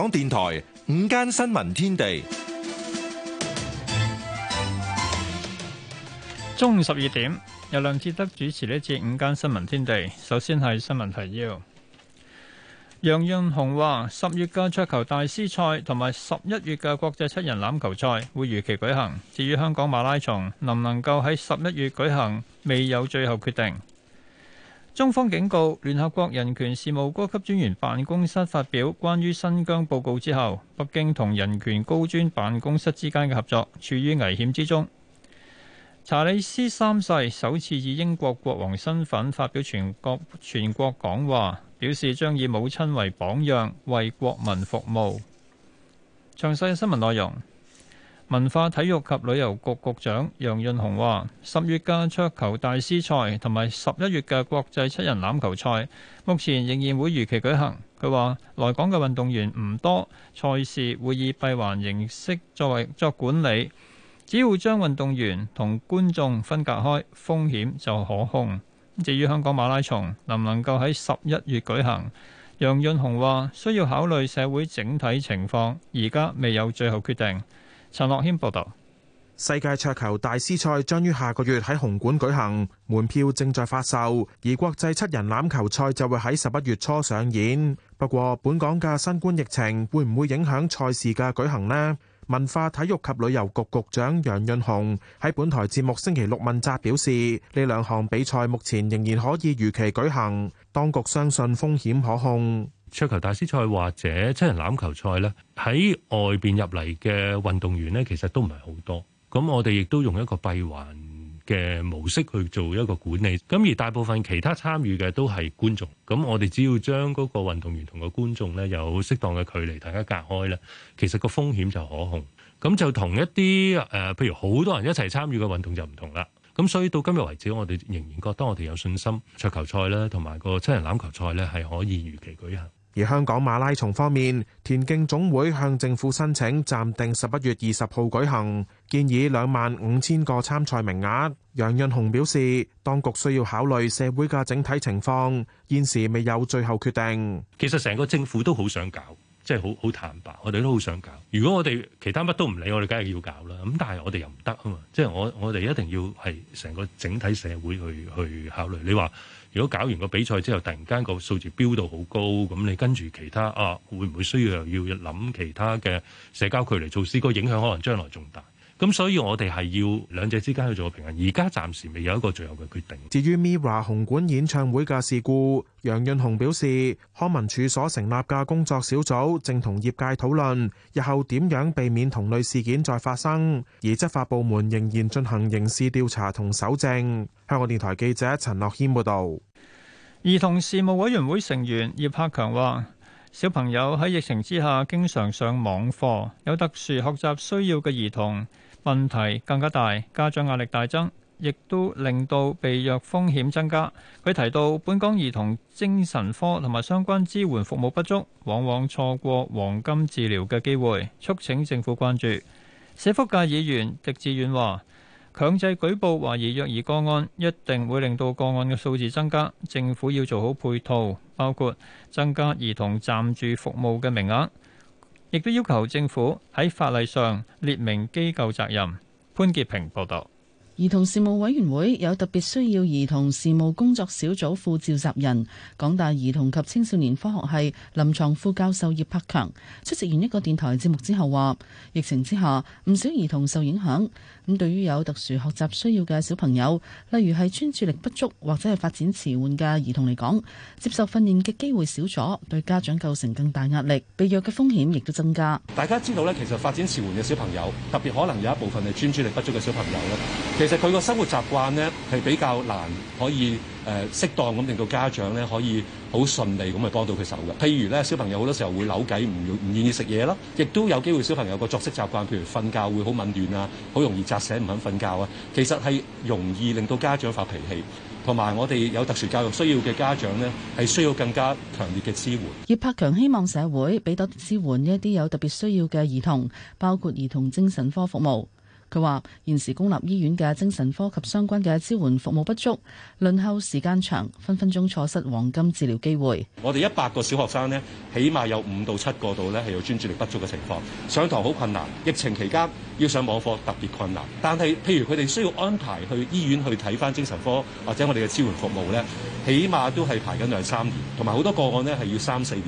香港電台午間新聞天地，中午十二點由梁志德主持呢一節午間新聞天地。首先係新聞提要，楊潤雄話，十月嘅桌球大師賽同埋十一月嘅國際七人欖球賽會如期舉行。至於香港馬拉松，能唔能夠喺十一月舉行，未有最後決定。中方警告聯合國人權事務高級專員辦公室發表關於新疆報告之後，北京同人權高專辦公室之間嘅合作處於危險之中。查理斯三世首次以英國國王身份發表全國全國講話，表示將以母親為榜樣，為國民服務。詳細新聞內容。文化、體育及旅遊局局長楊潤雄話十月間桌球大師賽同埋十一月嘅國際七人欖球賽目前仍然會如期舉行。佢話來港嘅運動員唔多，賽事會以閉環形式作為作管理，只要將運動員同觀眾分隔開，風險就可控。至於香港馬拉松能唔能夠喺十一月舉行，楊潤雄話需要考慮社會整體情況，而家未有最後決定。陳樂謙報道：世界桌球大師賽將於下個月喺紅館舉行，門票正在發售；而國際七人欖球賽就會喺十一月初上演。不過，本港嘅新冠疫情會唔會影響賽事嘅舉行呢？文化體育及旅遊局局長楊潤雄喺本台節目星期六問責表示，呢兩項比賽目前仍然可以如期舉行，當局相信風險可控。桌球大師賽或者七人欖球賽呢，喺外邊入嚟嘅運動員呢，其實都唔係好多。咁我哋亦都用一個閉環嘅模式去做一個管理。咁而大部分其他參與嘅都係觀眾。咁我哋只要將嗰個運動員同個觀眾呢，有適當嘅距離，大家隔開呢，其實個風險就可控。咁就同一啲誒、呃，譬如好多人一齊參與嘅運動就唔同啦。咁所以到今日為止，我哋仍然覺得我哋有信心桌球賽呢，同埋個七人欖球賽呢，係可以如期舉行。而香港馬拉松方面，田徑總會向政府申請暫定十一月二十號舉行，建議兩萬五千個參賽名額。楊潤雄表示，當局需要考慮社會嘅整體情況，現時未有最後決定。其實成個政府都好想搞，即係好好坦白，我哋都好想搞。如果我哋其他乜都唔理，我哋梗係要搞啦。咁但係我哋又唔得啊嘛，即係我我哋一定要係成個整體社會去去考慮。你話？如果搞完個比賽之後突然間個數字飆到好高，咁你跟住其他啊，會唔會需要又要諗其他嘅社交距離措施？個影響可能將來仲大。咁所以我哋係要兩者之間去做個平衡，而家暫時未有一個最後嘅決定。至於 MIRROR 紅館演唱會嘅事故，楊潤雄表示，康文署所成立嘅工作小組正同業界討論，日後點樣避免同類事件再發生，而執法部門仍然進行刑事調查同搜證。香港電台記者陳樂軒報道。兒童事務委員會成員葉柏強話：小朋友喺疫情之下經常上網課，有特殊學習需要嘅兒童，問題更加大，家長壓力大增，亦都令到被虐風險增加。佢提到，本港兒童精神科同埋相關支援服務不足，往往錯過黃金治療嘅機會，促請政府關注。社福界議員狄志遠話：強制舉報懷疑虐兒個案，一定會令到個案嘅數字增加，政府要做好配套，包括增加兒童暫住服務嘅名額。亦都要求政府喺法例上列明機構責任。潘潔平報道。兒童事務委員會有特別需要兒童事務工作小組副召集人港大兒童及青少年科學系臨床副教授葉柏強出席完一個電台節目之後話：疫情之下唔少兒童受影響。咁對於有特殊學習需要嘅小朋友，例如係專注力不足或者係發展遲緩嘅兒童嚟講，接受訓練嘅機會少咗，對家長構成更大壓力，被虐嘅風險亦都增加。大家知道咧，其實發展遲緩嘅小朋友，特別可能有一部分係專注力不足嘅小朋友咧，其實佢個生活習慣呢，係比較難可以誒適當咁令到家長呢可以好順利咁去幫到佢手嘅。譬如咧，小朋友好多時候會扭計，唔唔願意食嘢啦，亦都有機會小朋友個作息習慣，譬如瞓覺會好紊亂啊，好容易扎醒唔肯瞓覺啊。其實係容易令到家長發脾氣，同埋我哋有特殊教育需要嘅家長呢，係需要更加強烈嘅支援。葉柏強希望社會俾多支援一啲有特別需要嘅兒童，包括兒童精神科服務。佢話：現時公立醫院嘅精神科及相關嘅支援服務不足，輪候時間長，分分鐘錯失黃金治療機會。我哋一百個小學生呢，起碼有五到七個度呢係有專注力不足嘅情況，上堂好困難。疫情期間要上網課特別困難，但係譬如佢哋需要安排去醫院去睇翻精神科或者我哋嘅支援服務呢，起碼都係排緊兩三年，同埋好多個案呢係要三四年。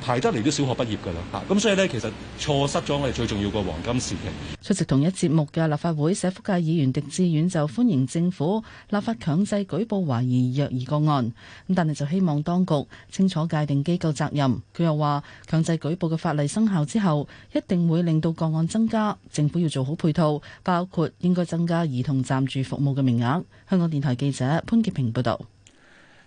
排得嚟都小學畢業㗎啦，嚇！咁所以呢，其實錯失咗我哋最重要嘅黃金時期。出席同一節目嘅立法會社福界議員狄志遠就歡迎政府立法強制舉報懷疑虐兒個案，咁但係就希望當局清楚界定機構責任。佢又話，強制舉報嘅法例生效之後，一定會令到個案增加，政府要做好配套，包括應該增加兒童暫住服務嘅名額。香港電台記者潘潔平報道。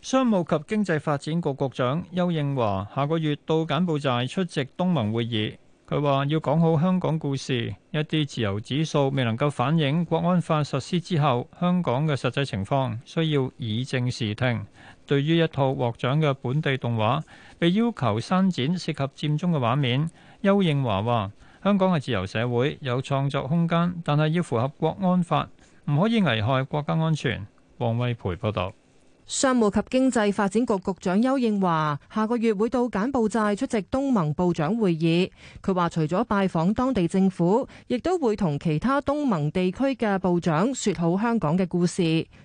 商務及經濟發展局局長邱應華下個月到柬埔寨出席東盟會議，佢話要講好香港故事。一啲自由指數未能夠反映國安法實施之後香港嘅實際情況，需要以正視聽。對於一套獲獎嘅本地動畫被要求刪剪涉及佔中嘅畫面，邱應華話：香港係自由社會，有創作空間，但係要符合國安法，唔可以危害國家安全。王偉培報道。商務及經濟發展局局長邱應華下個月會到柬埔寨出席東盟部長會議。佢話除咗拜訪當地政府，亦都會同其他東盟地區嘅部長說好香港嘅故事。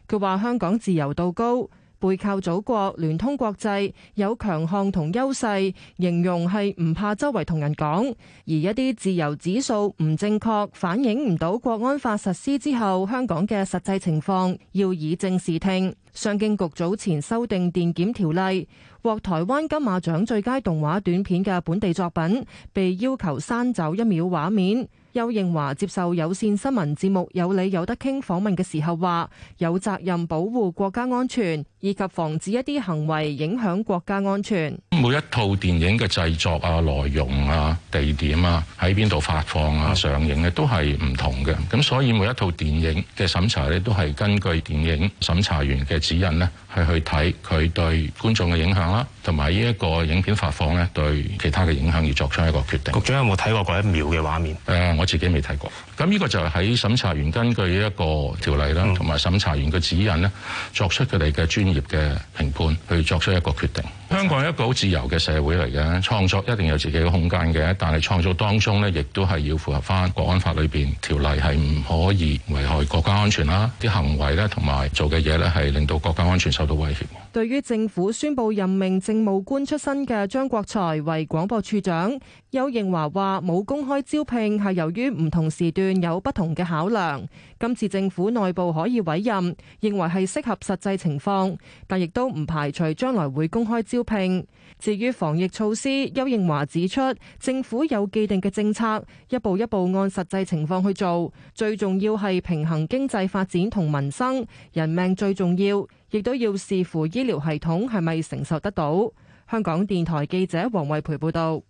佢話香港自由度高。背靠祖國，聯通國際有強項同優勢，形容係唔怕周圍同人講。而一啲自由指數唔正確反映唔到國安法實施之後香港嘅實際情況，要以正視聽。商經局早前修訂電檢條例，獲台灣金馬獎最佳動畫短片嘅本地作品被要求刪走一秒畫面。丘應樺接受有線新聞節目《有理有得傾》訪問嘅時候話：有責任保護國家安全。以及防止一啲行為影響國家安全。每一套電影嘅製作啊、內容啊、地點啊、喺邊度發放啊、上映咧都係唔同嘅。咁所以每一套電影嘅審查咧都係根據電影審查員嘅指引咧，係去睇佢對觀眾嘅影響啦，同埋呢一個影片發放咧對其他嘅影響而作出一個決定。局長有冇睇過嗰一秒嘅畫面？誒、呃、我自己未睇過，咁呢個就係喺審查員根據一個條例啦，同埋審查員嘅指引咧作出佢哋嘅專。專業嘅評判去作出一個決定。香港係一個好自由嘅社會嚟嘅，創作一定有自己嘅空間嘅，但係創作當中咧，亦都係要符合翻《國安法》裏邊條例，係唔可以危害國家安全啦，啲行為咧同埋做嘅嘢咧，係令到國家安全受到威脅，對於政府宣布任命政務官出身嘅張國才為廣播處長，邱應華話冇公開招聘係由於唔同時段有不同嘅考量，今次政府內部可以委任，認為係適合實際情況，但亦都唔排除將來會公開招。招聘。至於防疫措施，邱應華指出，政府有既定嘅政策，一步一步按實際情況去做。最重要係平衡經濟發展同民生，人命最重要，亦都要視乎醫療系統係咪承受得到。香港電台記者黃慧培報導。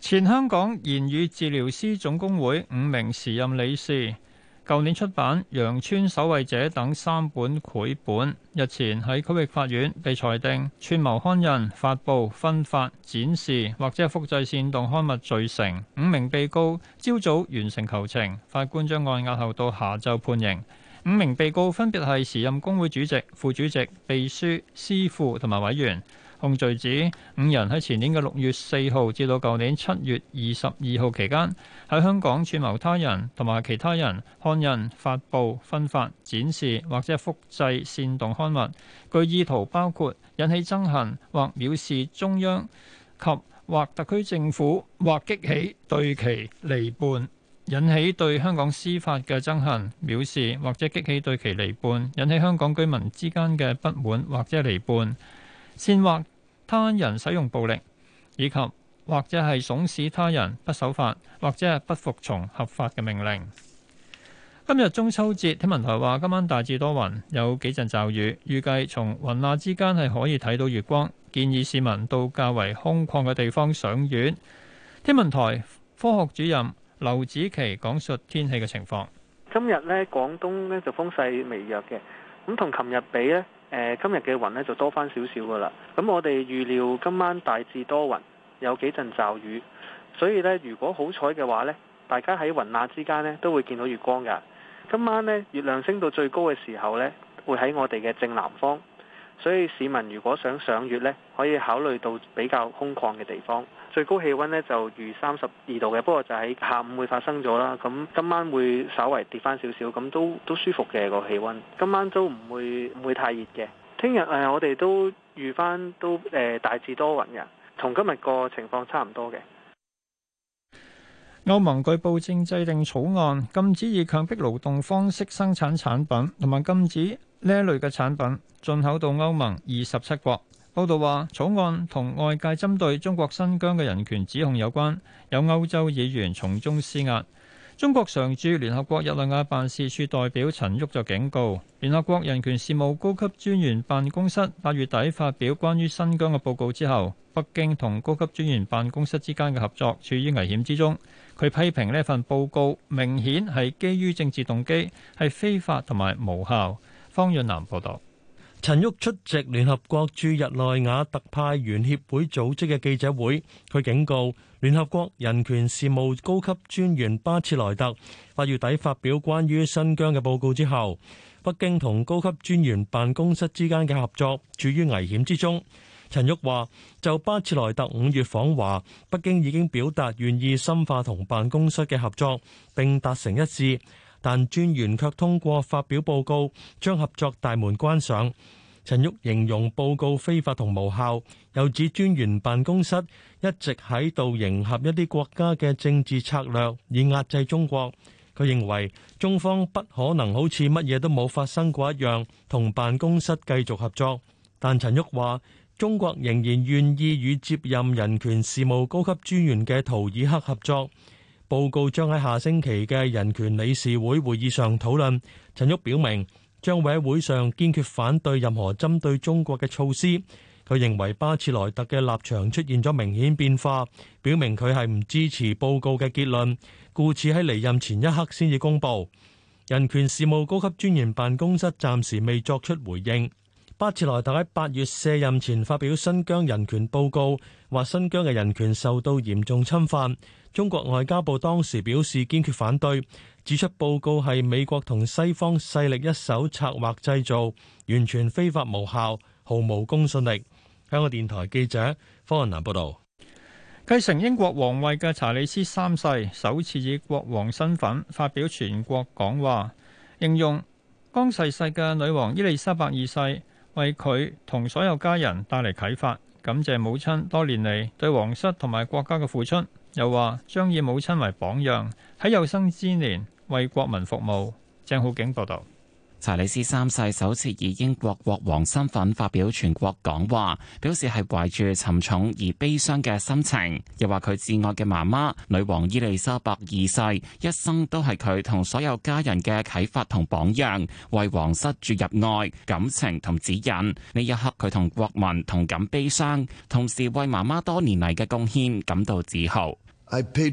前香港言語治療師總工會五名時任理事。舊年出版《羊村守衞者》等三本繪本，日前喺區域法院被裁定串謀刊印、發布、分發、展示或者係複製煽動刊物罪成。五名被告朝早完成求情，法官將案押後到下晝判刑。五名被告分別係時任工會主席、副主席、秘書、司庫同埋委員。控罪指五人喺前年嘅六月四號至到舊年七月二十二號期間，喺香港串謀他人同埋其他人刊印、發布分發展示或者複製煽動刊物，具意圖包括引起憎恨或藐視中央及或特區政府，或激起對其離叛，引起對香港司法嘅憎恨、藐視或者激起對其離叛，引起香港居民之間嘅不滿或者離叛，煽惑。他人使用暴力，以及或者係慫使他人不守法，或者係不服從合法嘅命令。今日中秋節，天文台話今晚大致多雲，有幾陣驟雨，預計從雲罅之間係可以睇到月光。建議市民到較為空曠嘅地方賞月。天文台科學主任劉子琪講述天氣嘅情況。今日咧，廣東咧，就風勢微弱嘅，咁同琴日比咧。呃、今日嘅雲呢，就多返少少噶啦，咁我哋預料今晚大致多雲，有幾陣驟雨，所以呢，如果好彩嘅話呢，大家喺雲罅之間呢，都會見到月光㗎。今晚呢，月亮升到最高嘅時候呢，會喺我哋嘅正南方。所以市民如果想賞月呢，可以考慮到比較空曠嘅地方。最高氣温呢就逾三十二度嘅，不過就喺下午會發生咗啦。咁今晚會稍為跌翻少少，咁都都舒服嘅、那個氣温。今晚都唔會唔會太熱嘅。聽日誒，我哋都預翻都誒、呃、大致多雲嘅，同今日個情況差唔多嘅。歐盟據報正制定草案，禁止以強迫勞動方式生產產品，同埋禁止呢一類嘅產品進口到歐盟二十七國。報道話，草案同外界針對中國新疆嘅人權指控有關，有歐洲議員從中施壓。中國常駐聯合國日內瓦辦事處代表陳旭就警告，聯合國人權事務高級專員辦公室八月底發表關於新疆嘅報告之後，北京同高級專員辦公室之間嘅合作處於危險之中。佢批評呢份報告明顯係基於政治動機，係非法同埋無效。方潤南報道。陳旭出席聯合國駐日內瓦特派員協會組織嘅記者會，佢警告聯合國人權事務高級專員巴切萊特，八月底發表關於新疆嘅報告之後，北京同高級專員辦公室之間嘅合作處於危險之中。陳旭話：就巴切萊特五月訪華，北京已經表達願意深化同辦公室嘅合作，並達成一致。但專員卻通過發表報告，將合作大門關上。陳旭形容報告非法同無效，又指專員辦公室一直喺度迎合一啲國家嘅政治策略，以壓制中國。佢認為中方不可能好似乜嘢都冇發生過一樣，同辦公室繼續合作。但陳旭話，中國仍然願意與接任人權事務高級專員嘅圖爾克合作。報告將喺下星期嘅人權理事會會議上討論。陳旭表明將會喺會上堅決反對任何針對中國嘅措施。佢認為巴切萊特嘅立場出現咗明顯變化，表明佢係唔支持報告嘅結論，故此喺離任前一刻先至公佈。人權事務高級專員辦公室暫時未作出回應。巴切萊特喺八月卸任前發表新疆人權報告，話新疆嘅人權受到嚴重侵犯。中國外交部當時表示堅決反對，指出報告係美國同西方勢力一手策劃製造，完全非法無效，毫無公信力。香港電台記者方韻南報道。繼承英國王位嘅查理斯三世首次以國王身份發表全國講話，形容剛逝世嘅女王伊麗莎白二世，為佢同所有家人帶嚟啟發，感謝母親多年嚟對皇室同埋國家嘅付出，又話將以母親為榜樣，喺有生之年為國民服務。鄭浩景報道，道。查理斯三世首次以英國國王身份發表全國講話，表示係懷住沉重而悲傷嘅心情，又話佢至愛嘅媽媽女王伊麗莎白二世一生都係佢同所有家人嘅啟發同榜樣，為皇室注入愛、感情同指引。呢一刻佢同國民同感悲傷，同時為媽媽多年嚟嘅貢獻感到自豪。I pay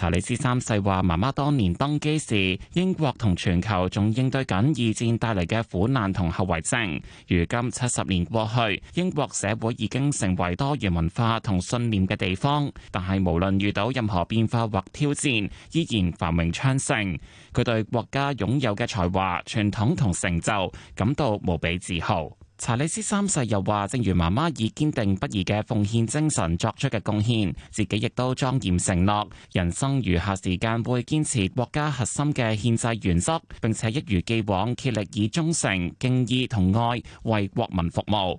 查理斯三世話媽媽當年登基時，英國同全球仲應對緊二戰帶嚟嘅苦難同後遺症。如今七十年過去，英國社會已經成為多元文化同信念嘅地方，但係無論遇到任何變化或挑戰，依然繁榮昌盛。佢對國家擁有嘅才華、傳統同成就感到無比自豪。查理斯三世又話，正如媽媽以堅定不移嘅奉獻精神作出嘅貢獻，自己亦都莊嚴承諾，人生餘下時間會堅持國家核心嘅憲制原則，並且一如既往竭力以忠誠、敬意同愛為國民服務。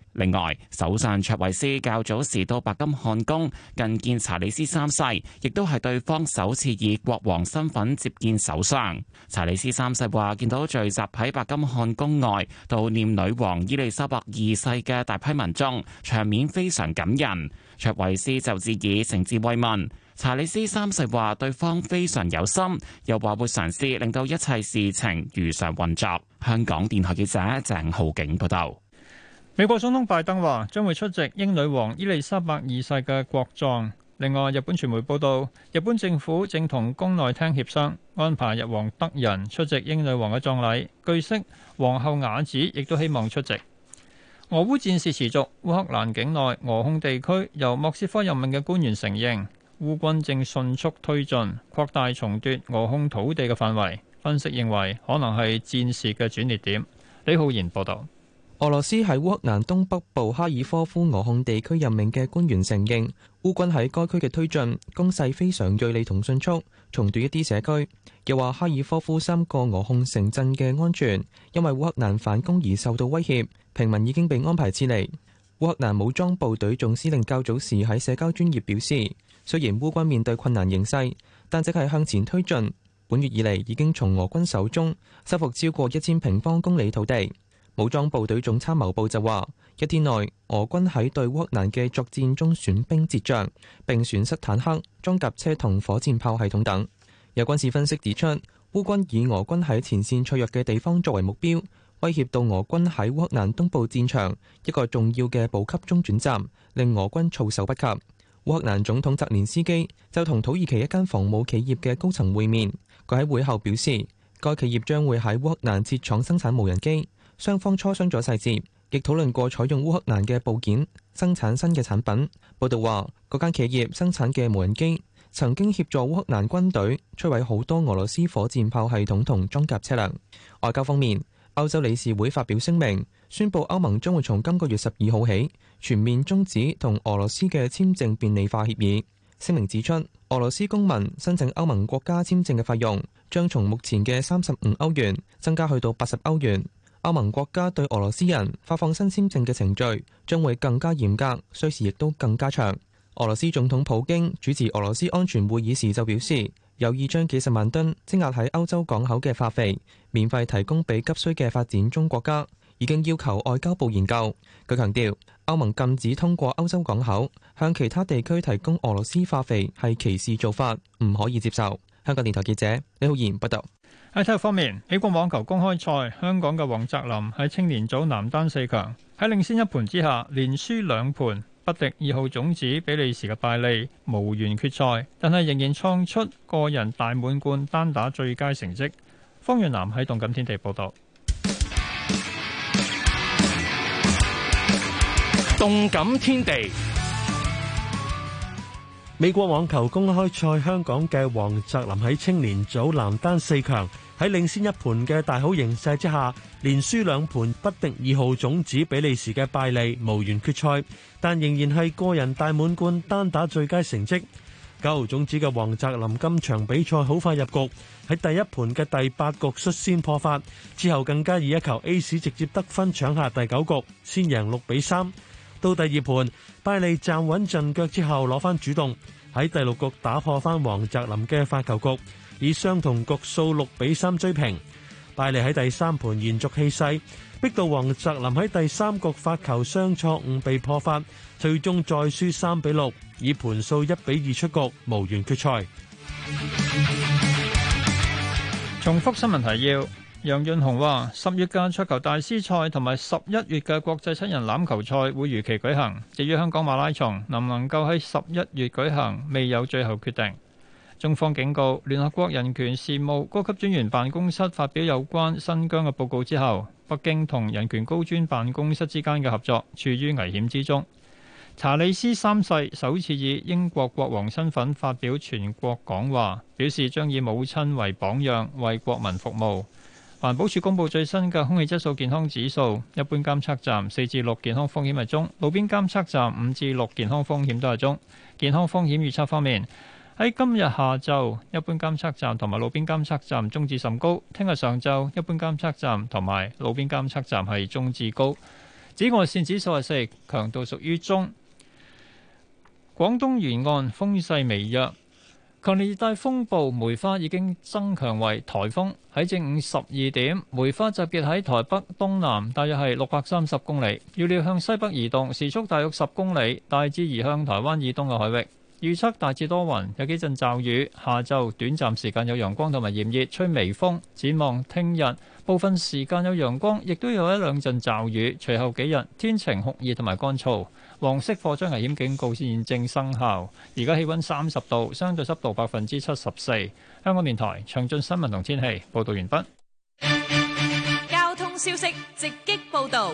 另外，首相卓維斯較早時到白金漢宮覲見查理斯三世，亦都係對方首次以國王身份接見首相。查理斯三世話：見到聚集喺白金漢宮外悼念女王伊利沙伯二世嘅大批民眾，場面非常感人。卓維斯就致以誠摯慰問。查理斯三世話：對方非常有心，又話會嘗試令到一切事情如常運作。香港電台記者鄭浩景報道。美國總統拜登話將會出席英女王伊麗莎白二世嘅國葬。另外，日本傳媒報道，日本政府正同宮內廳協商安排日皇德仁出席英女王嘅葬禮。據悉，皇后雅子亦都希望出席。俄烏戰事持續，烏克蘭境內俄控地區由莫斯科任命嘅官員承認，烏軍正迅速推進，擴大重奪俄控土地嘅範圍，分析認為，可能係戰事嘅轉捩點。李浩然報道。俄羅斯喺烏克蘭東北部哈爾科夫俄控地區任命嘅官員承認，烏軍喺該區嘅推進攻勢非常鋭利同迅速，重奪一啲社區。又話哈爾科夫三個俄控城鎮嘅安全，因為烏克蘭反攻而受到威脅，平民已經被安排撤離。烏克蘭武裝部隊總司令較早時喺社交專業表示，雖然烏軍面對困難形勢，但正係向前推進。本月以嚟已經從俄軍手中收復超過一千平方公里土地。武裝部隊總參謀部就話，一天內俄軍喺對烏克蘭嘅作戰中損兵折將，並損失坦克、裝甲車同火箭炮系統等。有軍事分析指出，烏軍以俄軍喺前線脆弱嘅地方作為目標，威脅到俄軍喺烏克蘭東部戰場一個重要嘅補給中轉站，令俄軍措手不及。烏克蘭總統澤連斯基就同土耳其一間防務企業嘅高層會面，佢喺會後表示，該企業將會喺烏克蘭設廠生產無人機。雙方磋商咗細節，亦討論過採用烏克蘭嘅部件生產新嘅產品。報道話，嗰間企業生產嘅無人機曾經協助烏克蘭軍隊摧毀好多俄羅斯火箭炮系統同裝甲車輛。外交方面，歐洲理事會發表聲明，宣布歐盟將會從今個月十二號起全面終止同俄羅斯嘅簽證便利化協議。聲明指出，俄羅斯公民申請歐盟國家簽證嘅費用將從目前嘅三十五歐元增加去到八十歐元。歐盟國家對俄羅斯人發放新簽證嘅程序將會更加嚴格，需時亦都更加長。俄羅斯總統普京主持俄羅斯安全會議時就表示，有意將幾十萬噸積壓喺歐洲港口嘅化肥免費提供俾急需嘅發展中國家，已經要求外交部研究。佢強調，歐盟禁止通過歐洲港口向其他地區提供俄羅斯化肥係歧視做法，唔可以接受。香港電台記者李浩然報道。喺體育方面，美國網球公開賽，香港嘅王澤林喺青年組男單四強，喺領先一盤之下，連輸兩盤，不敵二號種子比利時嘅敗利，無緣決賽，但係仍然創出個人大滿貫單打最佳成績。方遠南喺動感天地報道。動感天地。報導美國網球公開賽香港嘅黃澤林喺青年組男單四強，喺領先一盤嘅大好形勢之下，連輸兩盤不敵二號種子比利時嘅拜利，無緣決賽，但仍然係個人大滿貫單打最佳成績。九號種子嘅黃澤林今場比賽好快入局，喺第一盤嘅第八局率先破發，之後更加以一球 ace 直接得分搶下第九局，先贏六比三。到第二盤，拜利站穩陣腳之後攞翻主動，喺第六局打破翻王澤林嘅發球局，以相同局數六比三追平。拜利喺第三盤延續氣勢，逼到王澤林喺第三局發球雙錯誤被破發，最終再輸三比六，以盤數一比二出局，無緣決賽。重複新聞提要。楊潤雄話：十月嘅桌球大師賽同埋十一月嘅國際七人欖球賽會如期舉行。至於香港馬拉松能唔能夠喺十一月舉行，未有最後決定。中方警告，聯合國人權事務高級專員辦公室發表有關新疆嘅報告之後，北京同人權高專辦公室之間嘅合作處於危險之中。查理斯三世首次以英國國王身份發表全國講話，表示將以母親為榜樣，為國民服務。環保署公布最新嘅空氣質素健康指數，一般監測站四至六健康風險係中，路邊監測站五至六健康風險都係中。健康風險預測方面，喺今日下晝，一般監測站同埋路邊監測站中至甚高；聽日上晝，一般監測站同埋路邊監測站係中至高。紫外線指數係四，強度屬於中。廣東沿岸風勢微弱。強烈熱帶風暴梅花已經增強為颱風，喺正午十二點，梅花集結喺台北東南，大約係六百三十公里，預料向西北移動，時速大約十公里，大致移向台灣以東嘅海域。預測大致多雲，有幾陣驟雨。下晝短暫時間有陽光，同埋炎熱，吹微風。展望聽日部分時間有陽光，亦都有一兩陣驟雨。隨後幾日天晴酷熱同埋乾燥。黃色火災危險警告現正生效。而家氣溫三十度，相對濕度百分之七十四。香港電台詳盡新聞同天氣報道完畢。交通消息直擊報道。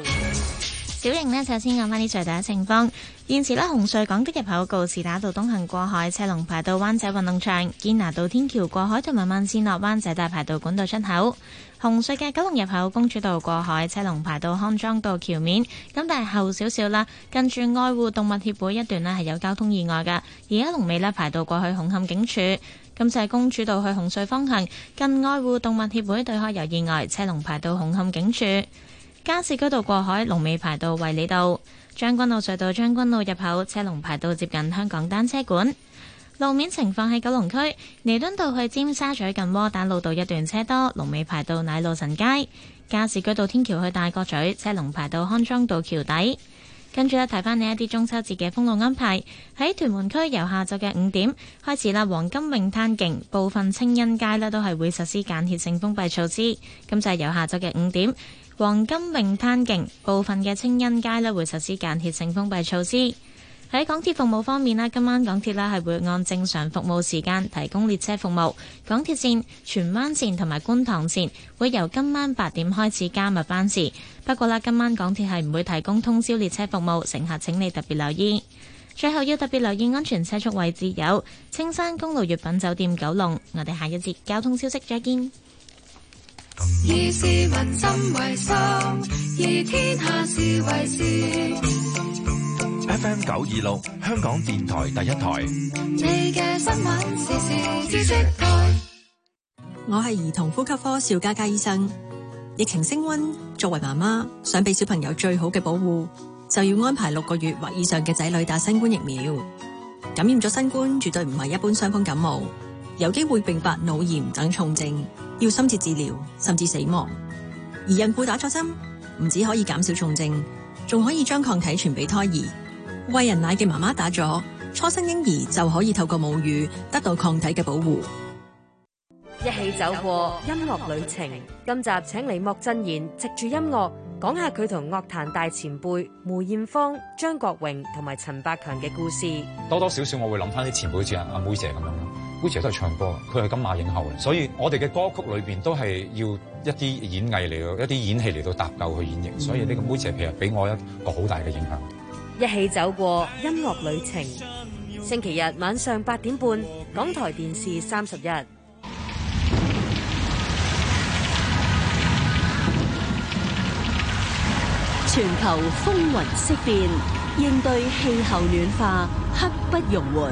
小瑩呢，首先講翻啲最大嘅情況。現時呢，紅隧港島入口告士打道東行過海，車龍排到灣仔運動場堅拿道天橋過海同慢慢線落灣仔大排道管道出口。紅隧嘅九龍入口公主道過海，車龍排到康莊道橋面。咁但係後少少啦，近住愛護動物協會一段呢，係有交通意外嘅。而家龍尾呢，排到過去紅磡警署。咁就係公主道去紅隧方向，近愛護動物協會對開有意外，車龍排到紅磡警署。加士居道過海，龍尾排到衛理道；將軍澳隧道將軍澳入口，車龍排到接近香港單車館。路面情況喺九龍區，彌敦道去尖沙咀近窩打老道一段車多，龍尾排到奶路臣街；加士居道天橋去大角咀，車龍排到康莊道橋底。跟住呢，睇翻呢一啲中秋節嘅封路安排。喺屯門區，由下晝嘅五點開始啦，黃金泳灘徑、部分清欣街呢都係會實施間歇性封閉措施。咁就係由下晝嘅五點。黃金泳灘徑，部分嘅清欣街咧會實施間歇性封閉措施。喺港鐵服務方面咧，今晚港鐵咧係會按正常服務時間提供列車服務。港鐵線、荃灣線同埋觀塘線會由今晚八點開始加密班次。不過咧，今晚港鐵係唔會提供通宵列車服務，乘客請你特別留意。最後要特別留意安全車速，位置有青山公路粵品酒店九龍。我哋下一節交通消息，再見。以市民心為心，以天下事為事。FM 九二六， 26，香港電台第一台。 你嘅新聞時事知識台，我係兒童呼吸科邵嘉嘉醫生。疫情升溫，作為媽媽想俾小朋友最好嘅保護，就要安排六個月或以上嘅仔女打新冠疫苗。感染咗新冠，絕對唔係一般傷風感冒。有機會並發腦炎等重症，要深切治療，甚至死亡。而孕婦打咗針，唔止可以減少重症，仲可以將抗體傳俾胎兒。餵人奶嘅媽媽打咗，初生嬰兒就可以透過母乳得到抗體嘅保護。一起走過，過音樂旅程，今集請嚟莫真言，藉住音樂講下佢同樂壇大前輩梅艷芳、張國榮同埋陳百強嘅故事。多多少少，少，我會諗翻啲前輩主人，好似阿梅姐咁樣。梅姐都係唱歌，佢係金馬影后啊！所以我哋嘅歌曲裏邊都係要一啲演藝嚟，一啲演戲嚟到搭救去演繹。所以呢個梅姐其實俾我一個好大嘅影響。一起走過音樂旅程，星期日晚上八點半，港台電視三十一。全球風雲色變，應對氣候暖化，刻不容緩。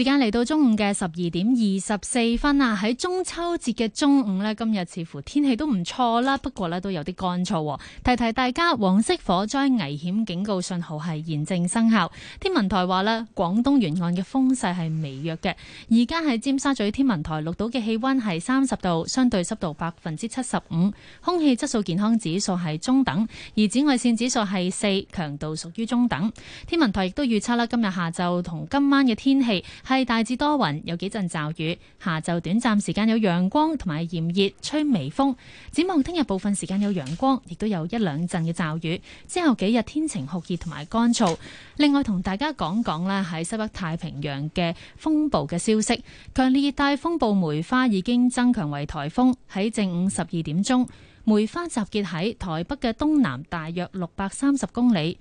時間嚟到中午嘅十二點二十四分啊！喺中秋節嘅中午呢，今日似乎天氣都唔錯啦，不過呢都有啲乾燥。提提大家，黃色火災危險警告信號係現正生效。天文台話呢，廣東沿岸嘅風勢係微弱嘅。而家喺尖沙咀天文台錄到嘅氣溫係三十度，相對濕度百分之七十五，空氣質素健康指數係中等，而紫外線指數係四，強度屬於中等。天文台亦都預測啦，今日下晝同今晚嘅天氣，係大致多雲，有幾陣驟雨。下晝短暫時間有陽光同埋炎熱，吹微風。展望聽日部分時間有陽光，亦都有一兩陣嘅驟雨。之後幾日天晴酷熱同埋乾燥。另外同大家講講呢，喺西北太平洋嘅風暴嘅消息，強烈熱帶風暴梅花已經增強為颱風。喺正午十二點鐘，梅花集結喺台北嘅東南大約六百三十公里。